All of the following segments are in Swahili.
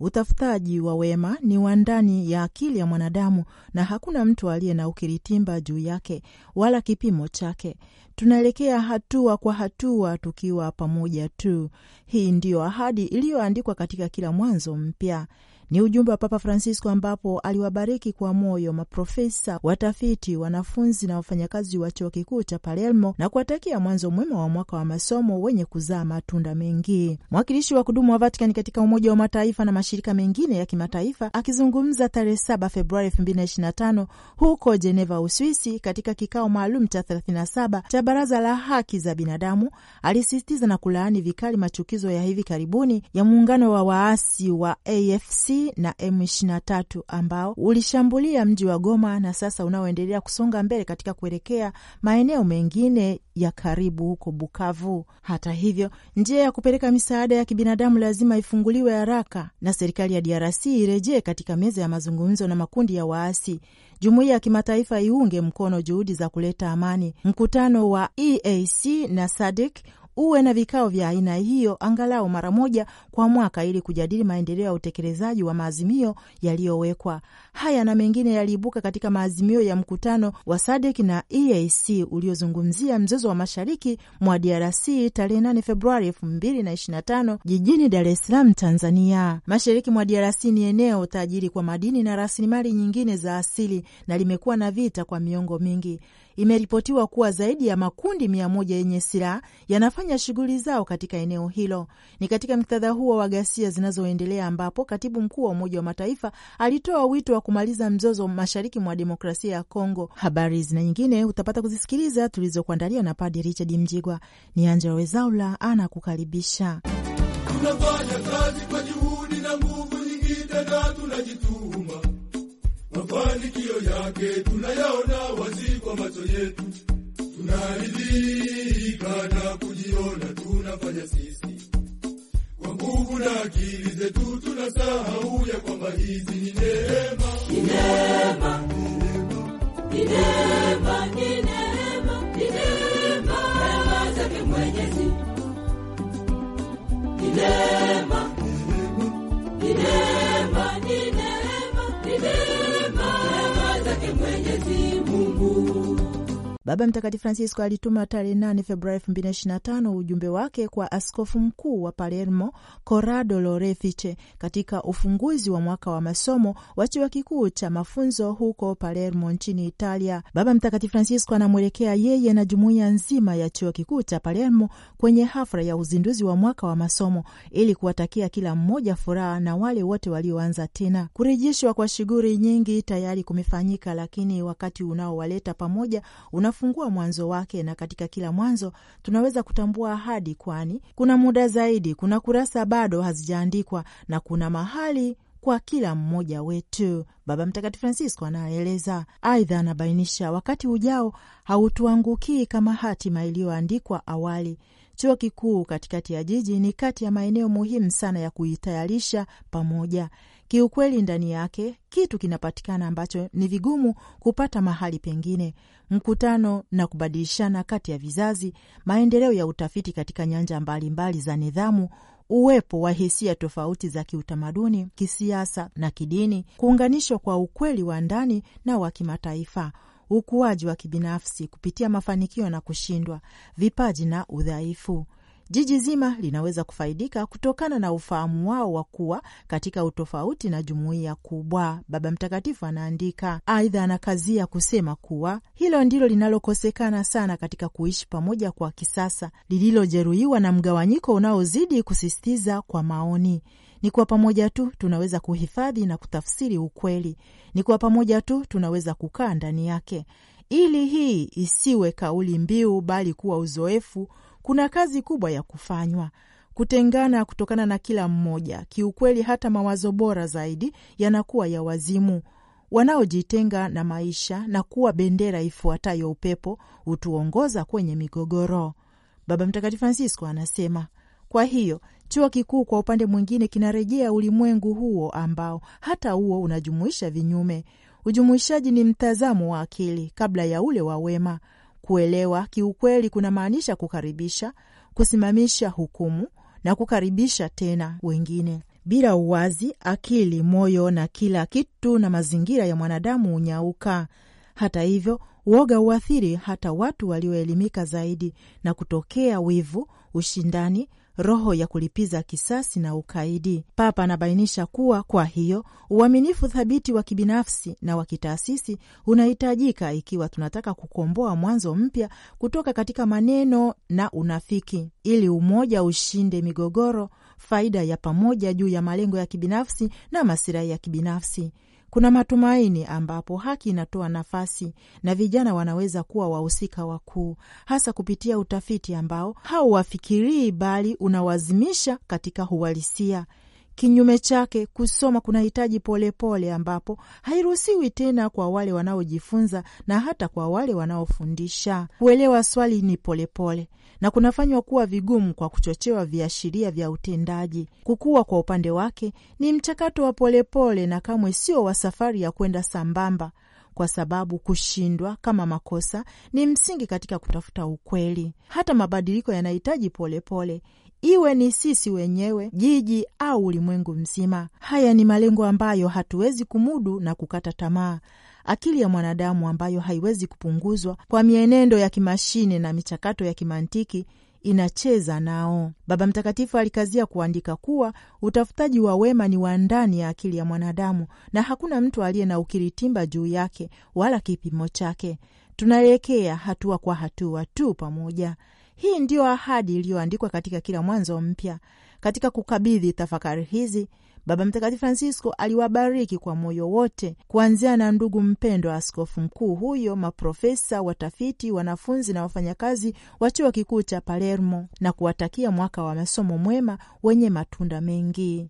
Utafutaji wa wema ni wa ndani ya akili ya mwanadamu, na hakuna mtu aliye na ukiritimba juu yake wala kipimo chake. Tunaelekea hatua kwa hatua, tukiwa pamoja tu. Hii ndiyo ahadi iliyoandikwa katika kila mwanzo mpya. Ni ujumbe wa Papa Francisco ambapo aliwabariki kwa moyo maprofesa, watafiti, wanafunzi na wafanyakazi wa chuo kikuu cha Palermo na kuwatakia mwanzo mwema wa mwaka wa masomo wenye kuzaa matunda mengi. Mwakilishi wa kudumu wa Vatikani katika Umoja wa Mataifa na mashirika mengine ya kimataifa akizungumza tarehe 7 Februari 2025 huko Jeneva, Uswisi, katika kikao maalum cha 37 cha Baraza la Haki za Binadamu alisisitiza na kulaani vikali machukizo ya hivi karibuni ya muungano wa waasi wa AFC na M23 ambao ulishambulia mji wa Goma na sasa unaoendelea kusonga mbele katika kuelekea maeneo mengine ya karibu huko Bukavu. Hata hivyo, njia ya kupeleka misaada ya kibinadamu lazima ifunguliwe haraka na serikali ya DRC irejee katika meza ya mazungumzo na makundi ya waasi. Jumuiya ya kimataifa iunge mkono juhudi za kuleta amani. Mkutano wa EAC na SADC uwe na vikao vya aina hiyo angalau mara moja kwa mwaka ili kujadili maendeleo ya utekelezaji wa maazimio yaliyowekwa. Haya na mengine yaliibuka katika maazimio ya mkutano wa SADC na EAC uliozungumzia mzozo wa mashariki mwa DRC tarehe 8 Februari 2025 jijini Dar es Salaam, Tanzania. Mashariki mwa DRC ni eneo tajiri kwa madini na rasilimali nyingine za asili na limekuwa na vita kwa miongo mingi. Imeripotiwa kuwa zaidi ya makundi mia moja yenye silaha yanafanya shughuli zao katika eneo hilo. Ni katika muktadha huo wa ghasia zinazoendelea ambapo katibu mkuu wa Umoja wa Mataifa alitoa wito wa kumaliza mzozo mashariki mwa demokrasia ya Kongo. Habari zina nyingine utapata kuzisikiliza tulizokuandalia na Padi Richard Mjigwa. Ni Angela Wezaula anakukaribisha. Tunafanya kazi kwa juhudi na nguvu nyingine na tunajituma mafanikio yake tunayaona wazi kwa macho yetu, tunaridhika na kujiona tunafanya sisi kwa nguvu na akili zetu, tunasahau ya kwamba hizi ni neema, neema, neema, neema, neema neema Baba Mtakatifu Francisco alituma tarehe 8 Februari 2025 ujumbe wake kwa askofu mkuu wa Palermo Corrado Lorefice katika ufunguzi wa mwaka wa masomo wa chuo kikuu cha mafunzo huko Palermo nchini Italia. Baba Mtakatifu Francisco anamwelekea yeye na jumuiya nzima ya chuo kikuu cha Palermo kwenye hafla ya uzinduzi wa mwaka wa masomo ili kuwatakia kila mmoja furaha na wale wote walioanza tena. Kurejeshwa kwa shughuli nyingi tayari kumefanyika, lakini wakati unaowaleta pamoja una inafungua mwanzo wake, na katika kila mwanzo tunaweza kutambua ahadi, kwani kuna muda zaidi, kuna kurasa bado hazijaandikwa na kuna mahali kwa kila mmoja wetu, Baba Mtakatifu Francisco anaeleza. Aidha, anabainisha wakati ujao hautuangukii kama hatima iliyoandikwa awali. Chuo kikuu katikati ya jiji ni kati ya maeneo muhimu sana ya kuitayarisha pamoja Kiukweli ndani yake kitu kinapatikana ambacho ni vigumu kupata mahali pengine: mkutano na kubadilishana kati ya vizazi, maendeleo ya utafiti katika nyanja mbalimbali za nidhamu, uwepo wa hisia tofauti za kiutamaduni, kisiasa na kidini, kuunganishwa kwa ukweli wa ndani na wa kimataifa, ukuaji wa kibinafsi kupitia mafanikio na kushindwa, vipaji na udhaifu jiji zima linaweza kufaidika kutokana na ufahamu wao wa kuwa katika utofauti na jumuiya kubwa, Baba Mtakatifu anaandika. Aidha, anakazia kusema kuwa hilo ndilo linalokosekana sana katika kuishi pamoja kwa kisasa, lililojeruhiwa na mgawanyiko unaozidi kusisitiza kwa maoni ni kwa pamoja tu tunaweza kuhifadhi na kutafsiri ukweli. Ni kwa pamoja tu tunaweza kukaa ndani yake, ili hii isiwe kauli mbiu, bali kuwa uzoefu kuna kazi kubwa ya kufanywa kutengana kutokana na kila mmoja. Kiukweli, hata mawazo bora zaidi yanakuwa ya wazimu wanaojitenga na maisha na kuwa bendera ifuatayo upepo hutuongoza kwenye migogoro. Baba Mtakatifu Francisco anasema, kwa hiyo chuo kikuu kwa upande mwingine kinarejea ulimwengu huo ambao hata huo unajumuisha vinyume. Ujumuishaji ni mtazamo wa akili kabla ya ule wa wema Kuelewa kiukweli kunamaanisha kukaribisha, kusimamisha hukumu na kukaribisha tena wengine. Bila uwazi, akili, moyo na kila kitu na mazingira ya mwanadamu hunyauka. Hata hivyo, uoga huathiri hata watu walioelimika zaidi, na kutokea wivu, ushindani roho ya kulipiza kisasi na ukaidi. Papa anabainisha kuwa kwa hiyo uaminifu thabiti wa kibinafsi na wa kitaasisi unahitajika ikiwa tunataka kukomboa mwanzo mpya kutoka katika maneno na unafiki, ili umoja ushinde migogoro, faida ya pamoja juu ya malengo ya kibinafsi na masilahi ya kibinafsi. Kuna matumaini ambapo haki inatoa nafasi na vijana wanaweza kuwa wahusika wakuu, hasa kupitia utafiti ambao hauwafikirii bali unawazimisha katika uhalisia. Kinyume chake, kusoma kunahitaji polepole, ambapo hairuhusiwi tena kwa wale wanaojifunza na hata kwa wale wanaofundisha. Kuelewa swali ni polepole pole, na kunafanywa kuwa vigumu kwa kuchochewa viashiria vya utendaji. Kukua kwa upande wake ni mchakato wa polepole pole, na kamwe sio wa safari ya kwenda sambamba kwa sababu kushindwa kama makosa ni msingi katika kutafuta ukweli. Hata mabadiliko yanahitaji polepole iwe ni sisi wenyewe, jiji au ulimwengu mzima. Haya ni malengo ambayo hatuwezi kumudu na kukata tamaa. Akili ya mwanadamu ambayo haiwezi kupunguzwa kwa mienendo ya kimashine na michakato ya kimantiki inacheza nao. Baba Mtakatifu alikazia kuandika kuwa utafutaji wa wema ni wa ndani ya akili ya mwanadamu, na hakuna mtu aliye na ukiritimba juu yake wala kipimo chake. Tunaelekea hatua kwa hatua tu pamoja. Hii ndiyo ahadi iliyoandikwa katika kila mwanzo mpya. Katika kukabidhi tafakari hizi, Baba Mtakatifu Francisco aliwabariki kwa moyo wote, kuanzia na ndugu mpendwa askofu mkuu huyo, maprofesa, watafiti, wanafunzi na wafanyakazi wa chuo kikuu cha Palermo, na kuwatakia mwaka wa masomo mwema wenye matunda mengi.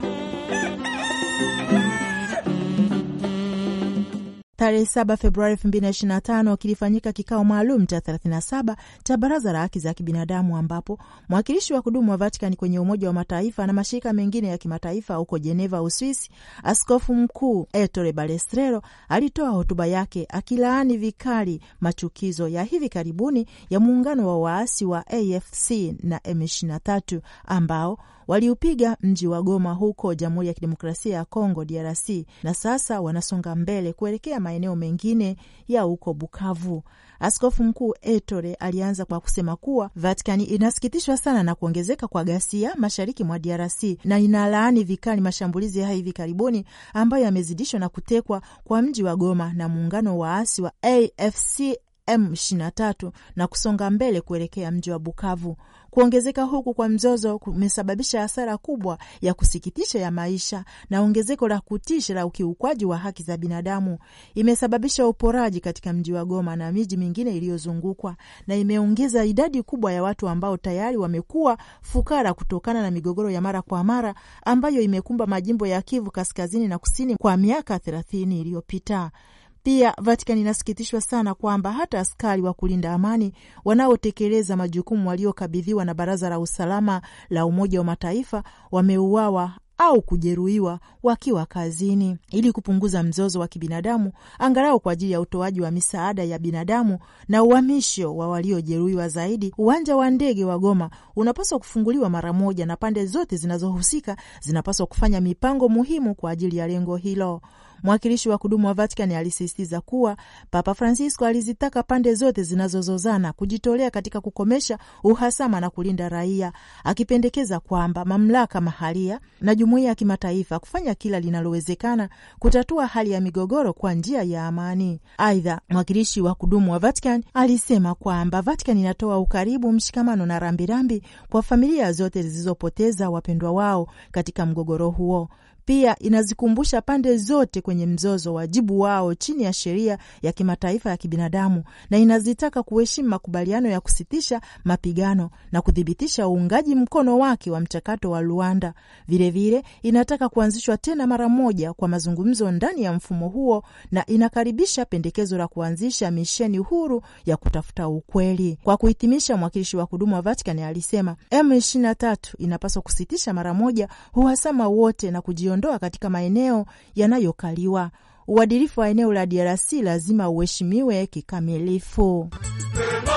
Tarehe 7 Februari 2025 kilifanyika kikao maalum cha 37 cha Baraza la Haki za Kibinadamu, ambapo mwakilishi wa kudumu wa Vatikani kwenye Umoja wa Mataifa na mashirika mengine ya kimataifa huko Jeneva, Uswisi, Askofu Mkuu Ettore Balestrero alitoa hotuba yake akilaani vikali machukizo ya hivi karibuni ya muungano wa waasi wa AFC na M23 ambao waliupiga mji wa Goma huko Jamhuri ya Kidemokrasia ya Kongo, DRC, na sasa wanasonga mbele kuelekea maeneo mengine ya huko Bukavu. Askofu Mkuu Etore alianza kwa kusema kuwa Vatikani inasikitishwa sana na kuongezeka kwa ghasia mashariki mwa DRC na inalaani vikali mashambulizi ya hivi karibuni ambayo yamezidishwa na kutekwa kwa mji wa Goma na muungano wa waasi wa AFC M23 na kusonga mbele kuelekea mji wa Bukavu. Kuongezeka huku kwa mzozo kumesababisha hasara kubwa ya kusikitisha ya maisha na ongezeko la kutisha la ukiukwaji wa haki za binadamu. Imesababisha uporaji katika mji wa Goma na miji mingine iliyozungukwa, na imeongeza idadi kubwa ya watu ambao tayari wamekuwa fukara kutokana na migogoro ya mara kwa mara ambayo imekumba majimbo ya Kivu Kaskazini na Kusini kwa miaka thelathini iliyopita. Pia Vatikani inasikitishwa sana kwamba hata askari wa kulinda amani wanaotekeleza majukumu waliokabidhiwa na Baraza la Usalama la Umoja wa Mataifa wameuawa au kujeruhiwa wakiwa kazini. Ili kupunguza mzozo wa kibinadamu, angalau kwa ajili ya utoaji wa misaada ya binadamu na uhamisho wa waliojeruhiwa zaidi, uwanja wa ndege wa Goma unapaswa kufunguliwa mara moja, na pande zote zinazohusika zinapaswa kufanya mipango muhimu kwa ajili ya lengo hilo. Mwakilishi wa kudumu wa Vatikani alisisitiza kuwa Papa Francisco alizitaka pande zote zinazozozana kujitolea katika kukomesha uhasama na kulinda raia, akipendekeza kwamba mamlaka mahalia na jumuiya ya kimataifa kufanya kila linalowezekana kutatua hali ya migogoro kwa njia ya amani. Aidha, mwakilishi wa kudumu wa Vatikani alisema kwamba Vatikani inatoa ukaribu, mshikamano na rambirambi kwa familia zote zilizopoteza wapendwa wao katika mgogoro huo. Pia inazikumbusha pande zote kwenye mzozo wajibu wao chini ya sheria ya kimataifa ya kibinadamu na inazitaka kuheshimu makubaliano ya kusitisha mapigano na kuthibitisha uungaji mkono wake wa mchakato wa Luanda. Vilevile inataka kuanzishwa tena mara moja kwa mazungumzo ndani ya mfumo huo na inakaribisha pendekezo la kuanzisha misheni huru ya kutafuta ukweli. Kwa kuhitimisha, mwakilishi wa kudumu wa Vatikani alisema M23 inapaswa kusitisha mara moja uhasama wote na kujiondoa kujiondoa katika maeneo yanayokaliwa. Uadilifu wa eneo la DRC lazima uheshimiwe kikamilifu. Pema,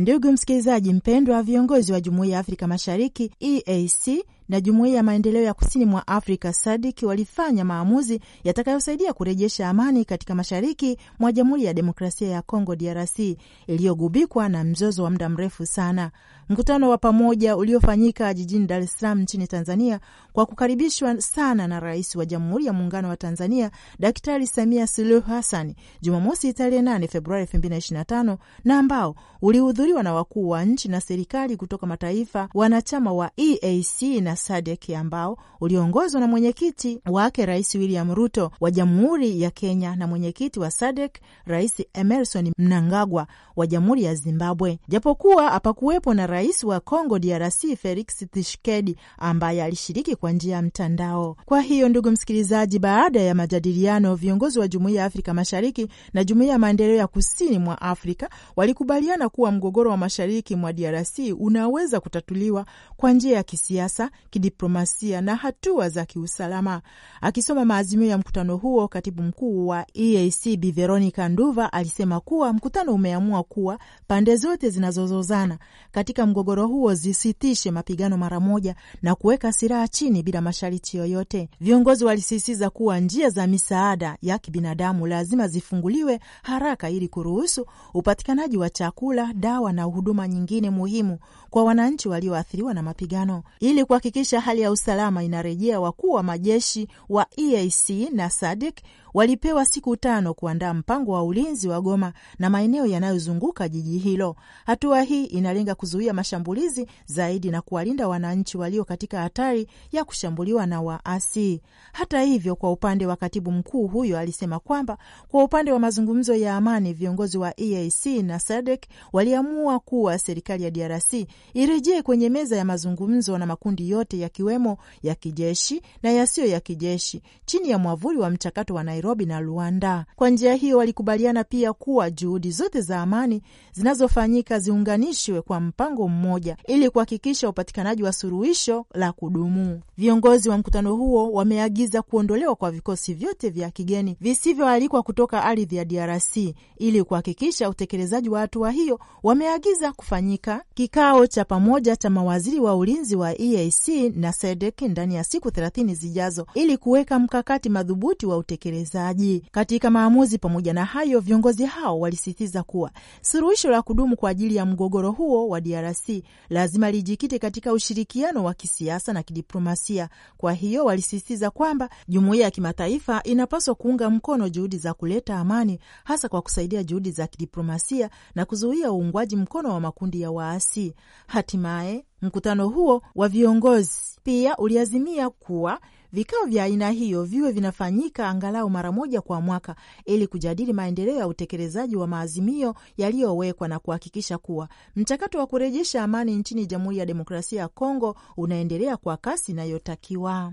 Ndugu msikilizaji mpendwa, viongozi wa Jumuiya ya Afrika Mashariki EAC na Jumuiya ya Maendeleo ya Kusini mwa Afrika SADC walifanya maamuzi yatakayosaidia kurejesha amani katika mashariki mwa Jamhuri ya Demokrasia ya Kongo DRC iliyogubikwa na mzozo wa muda mrefu sana. Mkutano wa pamoja uliofanyika jijini Dar es Salaam nchini Tanzania kwa kukaribishwa sana na Rais wa Jamhuri ya Muungano wa Tanzania Daktari Samia Suluhu Hassan Jumamosi tarehe 8 Februari 2025 na ambao ulihudhuriwa na wakuu wa nchi na serikali kutoka mataifa wanachama wa EAC na SADC ambao uliongozwa na mwenyekiti wake Rais William Ruto wa Jamhuri ya Kenya na mwenyekiti wa SADC Rais Emerson Mnangagwa wa Jamhuri ya Zimbabwe, japokuwa hapakuwepo na rais wa Congo DRC Felix Tshisekedi ambaye alishiriki kwa njia ya mtandao. Kwa hiyo, ndugu msikilizaji, baada ya majadiliano, viongozi wa Jumuiya ya Afrika Mashariki na Jumuiya ya Maendeleo ya Kusini mwa Afrika walikubaliana kuwa mgogoro wa mashariki mwa DRC unaweza kutatuliwa kwa njia ya kisiasa, kidiplomasia na hatua za kiusalama. Akisoma maazimio ya mkutano huo, katibu mkuu wa EAC Bi Veronica Nduva alisema kuwa mkutano umeamua kuwa pande zote zinazozozana katika mgogoro huo zisitishe mapigano mara moja na kuweka silaha chini lakini bila masharti yoyote. Viongozi walisisitiza kuwa njia za misaada ya kibinadamu lazima zifunguliwe haraka ili kuruhusu upatikanaji wa chakula, dawa na huduma nyingine muhimu kwa wananchi walioathiriwa na mapigano, ili kuhakikisha hali ya usalama inarejea. Wakuu wa majeshi wa EAC na SADC walipewa siku tano kuandaa mpango wa ulinzi wa Goma na maeneo yanayozunguka jiji hilo. Hatua hii inalenga kuzuia mashambulizi zaidi na kuwalinda wananchi walio katika hatari ya kushambuliwa na waasi. Hata hivyo, kwa upande wa katibu mkuu huyo alisema kwamba kwa upande wa mazungumzo ya amani, viongozi wa EAC na SADC waliamua kuwa serikali ya DRC irejee kwenye meza ya mazungumzo na makundi yote yakiwemo ya kijeshi na yasiyo ya kijeshi chini ya mwavuli wa mchakato wa Nairobi na Luanda. Kwa njia hiyo, walikubaliana pia kuwa juhudi zote za amani zinazofanyika ziunganishwe kwa mpango mmoja ili kuhakikisha upatikanaji wa suluhisho la kudumu. Viongozi wa mkutano huo wameagiza kuondolewa kwa vikosi vyote vya kigeni visivyoalikwa kutoka ardhi ya DRC ili kuhakikisha utekelezaji wa hatua hiyo. Wameagiza kufanyika kikao cha pamoja cha mawaziri wa ulinzi wa EAC na SADC e e ndani ya siku thelathini zijazo ili kuweka mkakati madhubuti wa utekelezaji uwekezaji katika maamuzi. Pamoja na hayo, viongozi hao walisisitiza kuwa suluhisho la kudumu kwa ajili ya mgogoro huo wa DRC lazima lijikite katika ushirikiano wa kisiasa na kidiplomasia. Kwa hiyo, walisisitiza kwamba jumuiya ya kimataifa inapaswa kuunga mkono juhudi za kuleta amani, hasa kwa kusaidia juhudi za kidiplomasia na kuzuia uungwaji mkono wa makundi ya waasi. Hatimaye mkutano huo wa viongozi pia uliazimia kuwa Vikao vya aina hiyo viwe vinafanyika angalau mara moja kwa mwaka ili kujadili maendeleo ya utekelezaji wa maazimio yaliyowekwa na kuhakikisha kuwa mchakato wa kurejesha amani nchini Jamhuri ya Demokrasia ya Kongo unaendelea kwa kasi inayotakiwa.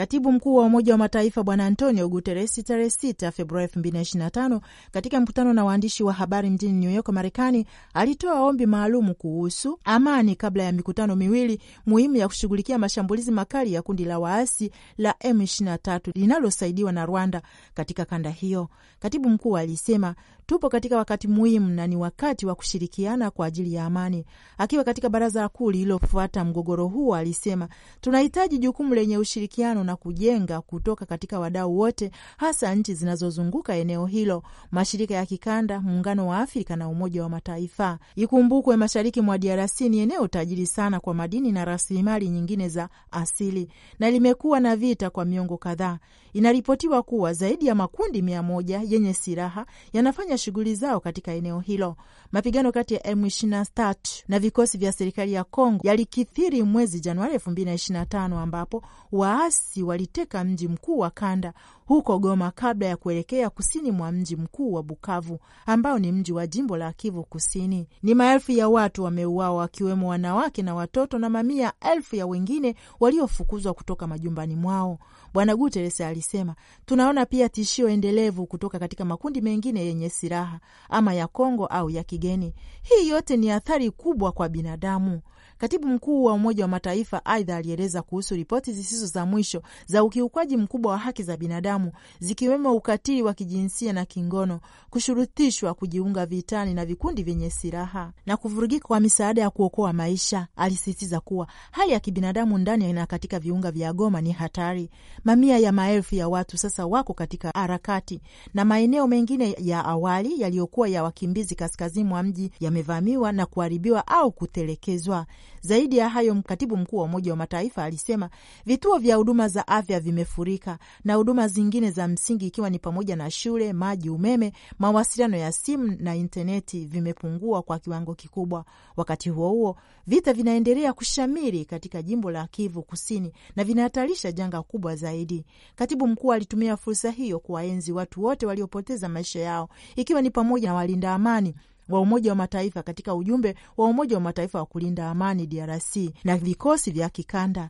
Katibu mkuu wa Umoja wa Mataifa Bwana Antonio Guteresi tarehe 6 Februari 2025 katika mkutano na waandishi wa habari mjini New York, Marekani, alitoa ombi maalum kuhusu amani kabla ya mikutano miwili muhimu ya kushughulikia mashambulizi makali ya kundi la waasi la M23 linalosaidiwa na Rwanda katika kanda hiyo. Katibu mkuu alisema Tupo katika wakati muhimu na ni wakati wa kushirikiana kwa ajili ya amani. Akiwa katika baraza kuu lililofuata mgogoro huo alisema tunahitaji jukumu lenye ushirikiano na kujenga kutoka katika wadau wote, hasa nchi zinazozunguka eneo hilo, mashirika ya kikanda, muungano wa Afrika na Umoja wa Mataifa. Ikumbukwe mashariki mwa DRC ni eneo tajiri sana kwa madini na rasilimali nyingine za asili na limekuwa na vita kwa miongo kadhaa. Inaripotiwa kuwa zaidi ya makundi mia moja yenye silaha yanafanya shughuli zao katika eneo hilo. Mapigano kati ya M23 na vikosi vya serikali ya Kongo yalikithiri mwezi Januari 2025 ambapo waasi waliteka mji mkuu wa kanda huko Goma kabla ya kuelekea kusini mwa mji mkuu wa Bukavu ambao ni mji wa jimbo la Kivu Kusini. Ni maelfu ya watu wameuawa, wakiwemo wanawake na watoto na mamia elfu ya wengine waliofukuzwa kutoka majumbani mwao. Bwana Guterres alisema, tunaona pia tishio endelevu kutoka katika makundi mengine yenye silaha ama ya Kongo au ya kigeni. Hii yote ni athari kubwa kwa binadamu. Katibu mkuu wa Umoja wa Mataifa aidha alieleza kuhusu ripoti zisizo za mwisho za ukiukwaji mkubwa wa haki za binadamu, zikiwemo ukatili wa kijinsia na kingono, kushurutishwa kujiunga vitani na vikundi vyenye silaha na kuvurugika kwa misaada ya kuokoa maisha. Alisisitiza kuwa hali ya kibinadamu ndani na katika viunga vya Goma ni hatari. Mamia ya maelfu ya watu sasa wako katika harakati na maeneo mengine ya awali yaliyokuwa ya wakimbizi kaskazini mwa mji yamevamiwa na kuharibiwa au kutelekezwa. Zaidi ya hayo, mkatibu mkuu wa Umoja wa Mataifa alisema vituo vya huduma za afya vimefurika na huduma zingine za msingi, ikiwa ni pamoja na shule, maji, umeme, mawasiliano ya simu na intaneti vimepungua kwa kiwango kikubwa. Wakati huo huo, vita vinaendelea kushamiri katika jimbo la Kivu Kusini na vinahatarisha janga kubwa zaidi. Katibu mkuu alitumia fursa hiyo kuwaenzi watu wote waliopoteza maisha yao, ikiwa ni pamoja na walinda amani wa Umoja wa Mataifa katika ujumbe wa Umoja wa Mataifa wa kulinda amani DRC na vikosi vya kikanda.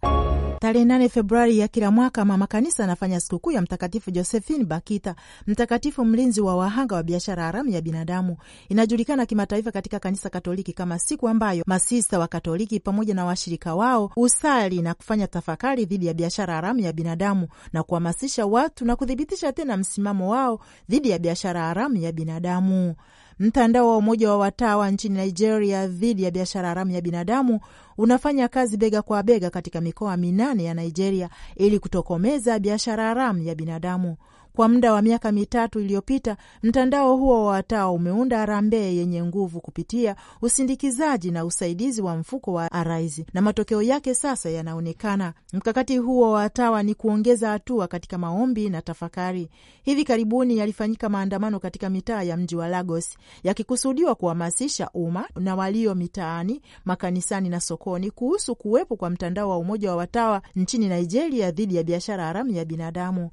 Tarehe nane Februari ya kila mwaka mama kanisa anafanya sikukuu ya Mtakatifu Josephine Bakita, mtakatifu mlinzi wa wahanga wa biashara haramu ya binadamu. Inajulikana kimataifa katika kanisa Katoliki kama siku ambayo masista wa Katoliki pamoja na washirika wao usali na kufanya tafakari dhidi ya biashara haramu ya binadamu na kuhamasisha watu na kuthibitisha tena msimamo wao dhidi ya biashara haramu ya binadamu. Mtandao wa Umoja wa Watawa nchini Nigeria dhidi ya biashara haramu ya binadamu unafanya kazi bega kwa bega katika mikoa minane ya Nigeria ili kutokomeza biashara haramu ya binadamu. Kwa muda wa miaka mitatu iliyopita, mtandao huo wa watawa umeunda harambee yenye nguvu kupitia usindikizaji na usaidizi wa mfuko wa Araizi, na matokeo yake sasa yanaonekana. Mkakati huo wa watawa ni kuongeza hatua katika maombi na tafakari. Hivi karibuni yalifanyika maandamano katika mitaa ya mji wa Lagos yakikusudiwa kuhamasisha umma na walio mitaani, makanisani na sokoni kuhusu kuwepo kwa mtandao wa umoja wa watawa nchini Nigeria dhidi ya biashara haramu ya binadamu.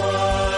One.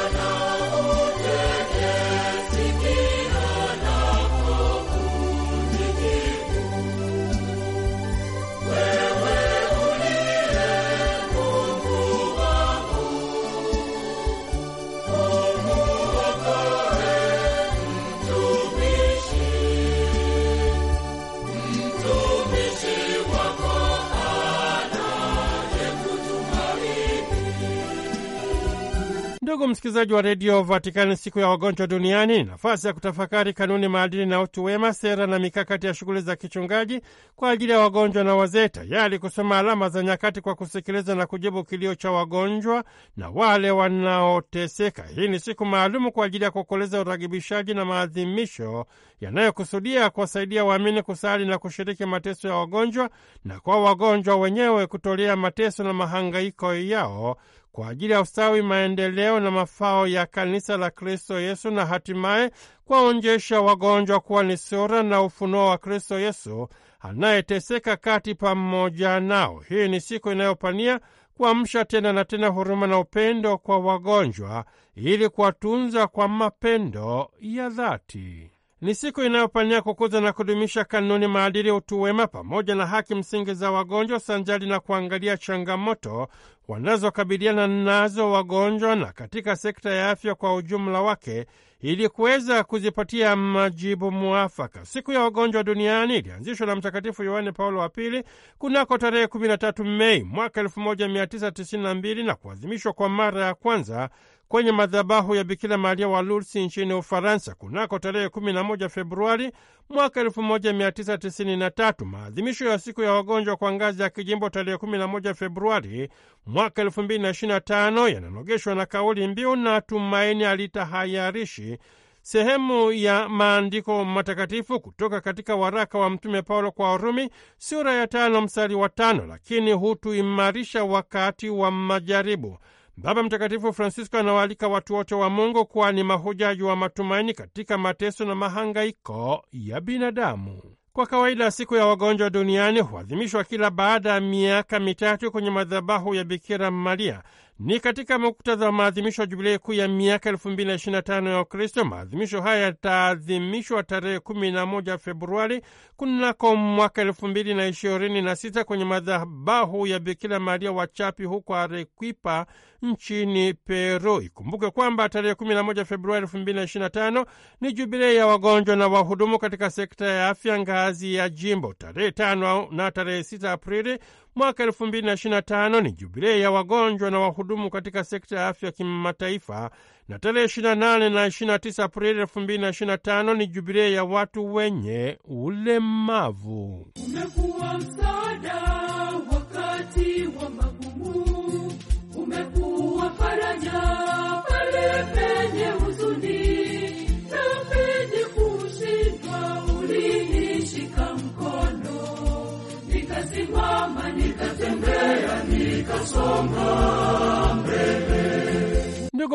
Ndugu msikilizaji wa redio Vatikani, siku ya wagonjwa duniani ni nafasi ya kutafakari kanuni, maadili na utu wema, sera na mikakati ya shughuli za kichungaji kwa ajili ya wagonjwa na wazee, tayari kusoma alama za nyakati kwa kusikiliza na kujibu kilio cha wagonjwa na wale wanaoteseka. Hii ni siku maalumu kwa ajili ya kuokoleza uragibishaji na maadhimisho yanayokusudia kuwasaidia waamini kusali na kushiriki mateso ya wagonjwa na kwa wagonjwa wenyewe kutolea mateso na mahangaiko yao kwa ajili ya ustawi, maendeleo na mafao ya kanisa la Kristo Yesu, na hatimaye kuwaonjesha wagonjwa kuwa ni sura na ufunuo wa Kristo Yesu anayeteseka kati pamoja nao. Hii ni siku inayopania kuamsha tena na tena huruma na upendo kwa wagonjwa ili kuwatunza kwa mapendo ya dhati ni siku inayopania kukuza na kudumisha kanuni, maadili, utu wema pamoja na haki msingi za wagonjwa, sanjali na kuangalia changamoto wanazokabiliana nazo wagonjwa na katika sekta ya afya kwa ujumla wake ili kuweza kuzipatia majibu mwafaka. Siku ya wagonjwa duniani ilianzishwa na Mtakatifu Yohane Paulo wa Pili kunako tarehe 13 Mei mwaka 1992 na kuadhimishwa kwa mara ya kwanza kwenye madhabahu ya Bikira Maria wa Lourdes nchini Ufaransa kunako tarehe 11 Februari mwaka 1993. Maadhimisho ya siku ya wagonjwa kwa ngazi ya kijimbo tarehe 11 Februari mwaka 2025 yananogeshwa na kauli mbiu na tumaini alitahayarishi sehemu ya maandiko matakatifu kutoka katika waraka wa Mtume Paulo kwa Warumi sura ya tano mstari wa tano, lakini hutuimarisha wakati wa majaribu. Baba Mtakatifu Francisco anawaalika watu wote wa Mungu kuwa ni mahujaji wa matumaini katika mateso na mahangaiko ya binadamu. Kwa kawaida siku ya wagonjwa duniani huadhimishwa kila baada ya miaka mitatu kwenye madhabahu ya Bikira Maria. Ni katika muktadha wa maadhimisho ya jubilei kuu ya miaka 2025 ya Ukristo. Maadhimisho haya yataadhimishwa tarehe 11 Februari kunako mwaka 2026 kwenye madhabahu ya Bikira Maria wachapi huko Arekwipa nchini Peru. Ikumbuke kwamba tarehe 11 Februari 2025 ni jubilei ya wagonjwa na wahudumu katika sekta ya afya ngazi ya jimbo. Tarehe tano na tarehe 6 Aprili mwaka 2025 ni jubilei ya wagonjwa na wahudumu katika sekta ya afya kimataifa, na tarehe 28 na 29 Aprili 2025 ni jubilei ya watu wenye ulemavu. Umekuwa msaada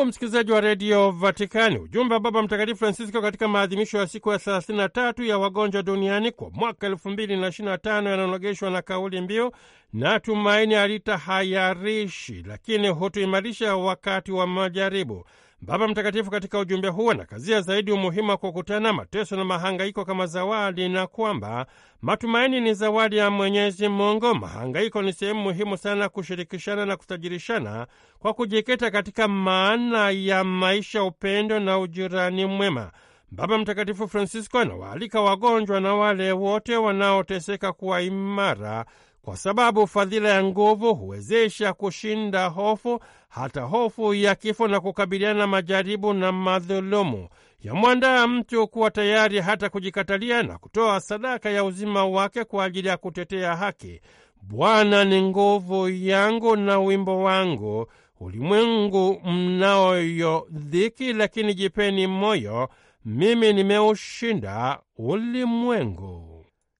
msikilizaji wa redio Vatikani, ujumbe wa Baba Mtakatifu Francisco katika maadhimisho ya siku ya 33 ya wagonjwa duniani kwa mwaka 2025 yanaonogeshwa na kauli mbiu na tumaini halitahayarishi, lakini hutuimarisha wakati wa majaribu. Baba Mtakatifu katika ujumbe huo anakazia zaidi umuhimu wa kukutana mateso na mahangaiko kama zawadi, na kwamba matumaini ni zawadi ya Mwenyezi Mungu. Mahangaiko ni sehemu muhimu sana kushirikishana na kutajirishana kwa kujikita katika maana ya maisha, upendo na ujirani mwema. Baba Mtakatifu Francisco anawaalika wagonjwa na wale wote wanaoteseka kuwa imara kwa sababu fadhila ya nguvu huwezesha kushinda hofu, hata hofu ya kifo, na kukabiliana na majaribu na madhulumu. Yamwandaa mtu kuwa tayari hata kujikatalia na kutoa sadaka ya uzima wake kwa ajili ya kutetea haki. Bwana ni nguvu yangu na wimbo wangu. Ulimwengu mnaoyo dhiki, lakini jipeni moyo, mimi nimeushinda ulimwengu.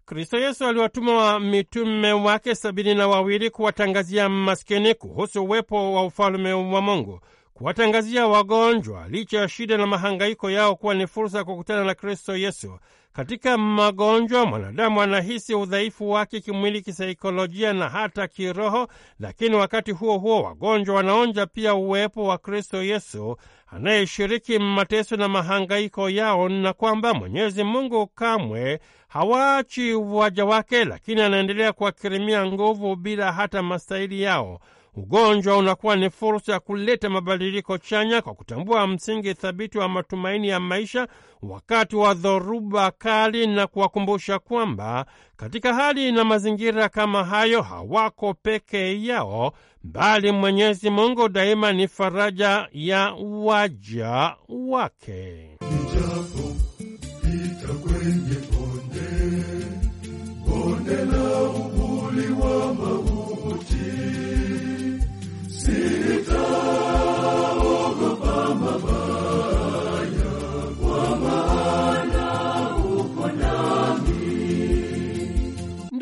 Kristo Yesu aliwatuma wa mitume wake sabini na wawili kuwatangazia maskini kuhusu uwepo wa ufalume wa Mungu, kuwatangazia wagonjwa licha ya shida na mahangaiko yao kuwa ni fursa ya kukutana na Kristo Yesu. Katika magonjwa mwanadamu anahisi udhaifu wake kimwili, kisaikolojia na hata kiroho, lakini wakati huo huo wagonjwa wanaonja pia uwepo wa Kristo Yesu anayeshiriki mateso na mahangaiko yao, na kwamba Mwenyezi Mungu kamwe hawaachi waja wake, lakini anaendelea kuwakirimia nguvu bila hata mastahili yao. Ugonjwa unakuwa ni fursa ya kuleta mabadiliko chanya kwa kutambua msingi thabiti wa matumaini ya maisha wakati wa dhoruba kali, na kuwakumbusha kwamba katika hali na mazingira kama hayo hawako peke yao, bali Mwenyezi Mungu daima ni faraja ya waja wake. Nijapopita kwenye bonde, bonde la uvuli wa mauti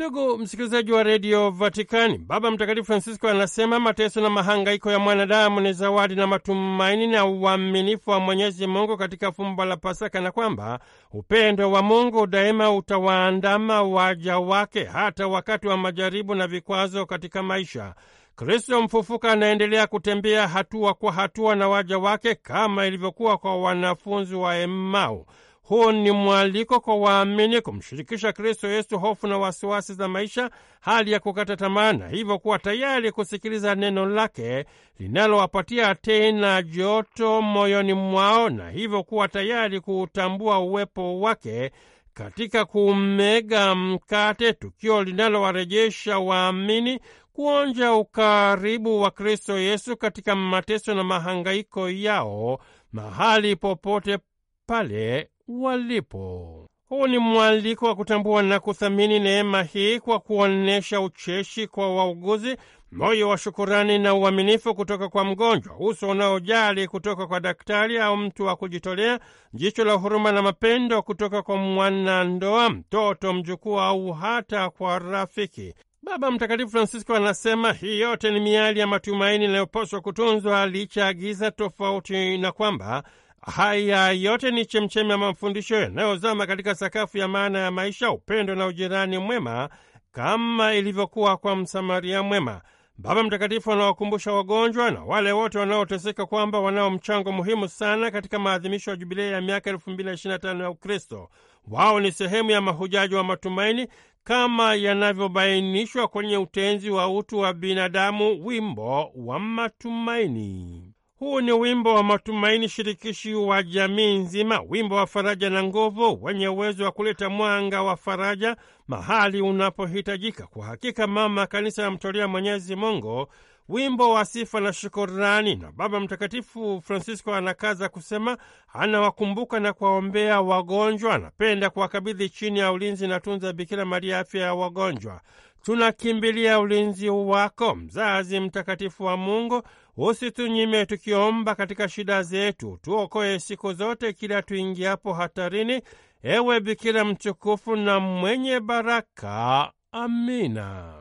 Ndugu msikilizaji wa redio Vatikani, Baba Mtakatifu Francisco anasema mateso na mahangaiko ya mwanadamu ni zawadi na matumaini na uaminifu wa Mwenyezi Mungu katika fumbo la Pasaka, na kwamba upendo wa Mungu daima utawaandama waja wake hata wakati wa majaribu na vikwazo katika maisha. Kristo mfufuka anaendelea kutembea hatua kwa hatua na waja wake kama ilivyokuwa kwa wanafunzi wa Emau. Huu ni mwaliko kwa waamini kumshirikisha Kristo Yesu hofu na wasiwasi za maisha, hali ya kukata tamaa, na hivyo kuwa tayari kusikiliza neno lake linalowapatia tena joto moyoni mwao, na hivyo kuwa tayari kuutambua uwepo wake katika kumega mkate, tukio linalowarejesha waamini kuonja ukaribu wa Kristo Yesu katika mateso na mahangaiko yao mahali popote pale walipo. Huu ni mwaliko wa kutambua na kuthamini neema hii kwa kuonyesha ucheshi kwa wauguzi, moyo wa shukurani na uaminifu kutoka kwa mgonjwa, uso unaojali kutoka kwa daktari au mtu wa kujitolea, jicho la huruma na mapendo kutoka kwa mwanandoa, mtoto, mjukuu au hata kwa rafiki. Baba Mtakatifu Francisco anasema hii yote ni miali ya matumaini inayopaswa kutunzwa licha ya giza, tofauti na kwamba Haya yote ni chemchemi ya mafundisho yanayozama katika sakafu ya maana ya maisha, upendo na ujirani mwema, kama ilivyokuwa kwa Msamaria mwema. Baba Mtakatifu anawakumbusha wagonjwa na wale wote wanaoteseka kwamba wanao mchango muhimu sana katika maadhimisho ya jubilei ya miaka 2025 ya Ukristo. Wao ni sehemu ya mahujaji wa matumaini kama yanavyobainishwa kwenye utenzi wa utu wa binadamu, wimbo wa matumaini. Huu ni wimbo wa matumaini shirikishi wa jamii nzima, wimbo wa faraja na nguvu, wenye uwezo wa kuleta mwanga wa faraja mahali unapohitajika. Kwa hakika mama kanisa yamtolea Mwenyezi Mungu wimbo wa sifa na shukurani, na Baba Mtakatifu Francisco anakaza kusema anawakumbuka na kuwaombea wagonjwa, anapenda kuwakabidhi chini ya ulinzi na tunza Bikira Maria afya ya wagonjwa. Tunakimbilia ulinzi wako, mzazi mtakatifu wa Mungu Usitunyime tukiomba katika shida zetu, tuokoe siku zote kila tuingiapo hatarini, ewe Bikira mtukufu na mwenye baraka. Amina.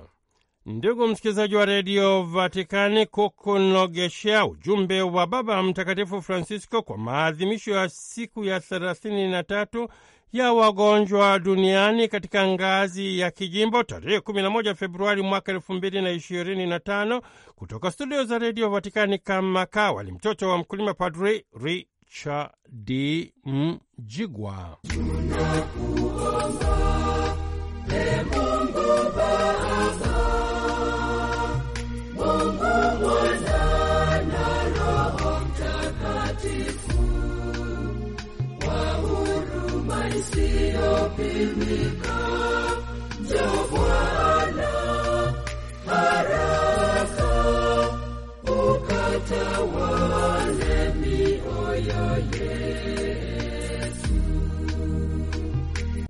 Ndugu msikilizaji wa redio Vatikani, kukunogeshea ujumbe wa Baba Mtakatifu Francisco kwa maadhimisho ya siku ya thelathini na tatu ya wagonjwa duniani katika ngazi ya kijimbo tarehe 11 Februari mwaka 2025 kutoka studio za redio Vatikani kama kawali, mtoto wa mkulima Padri Richard Mjigwa.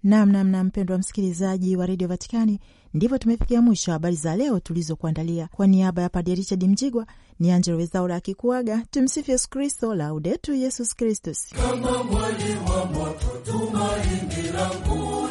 Namnamna mpendwa msikilizaji wa redio Vatikani, ndivyo tumefikia mwisho habari za leo tulizokuandalia. Kwa niaba ya Padre Richard Mjigwa ni Angelo Wezaula akikuaga. Tumsifu Yesu Kristo, laudetu Yesus Kristus. Kama mwali wa moto tumaini langu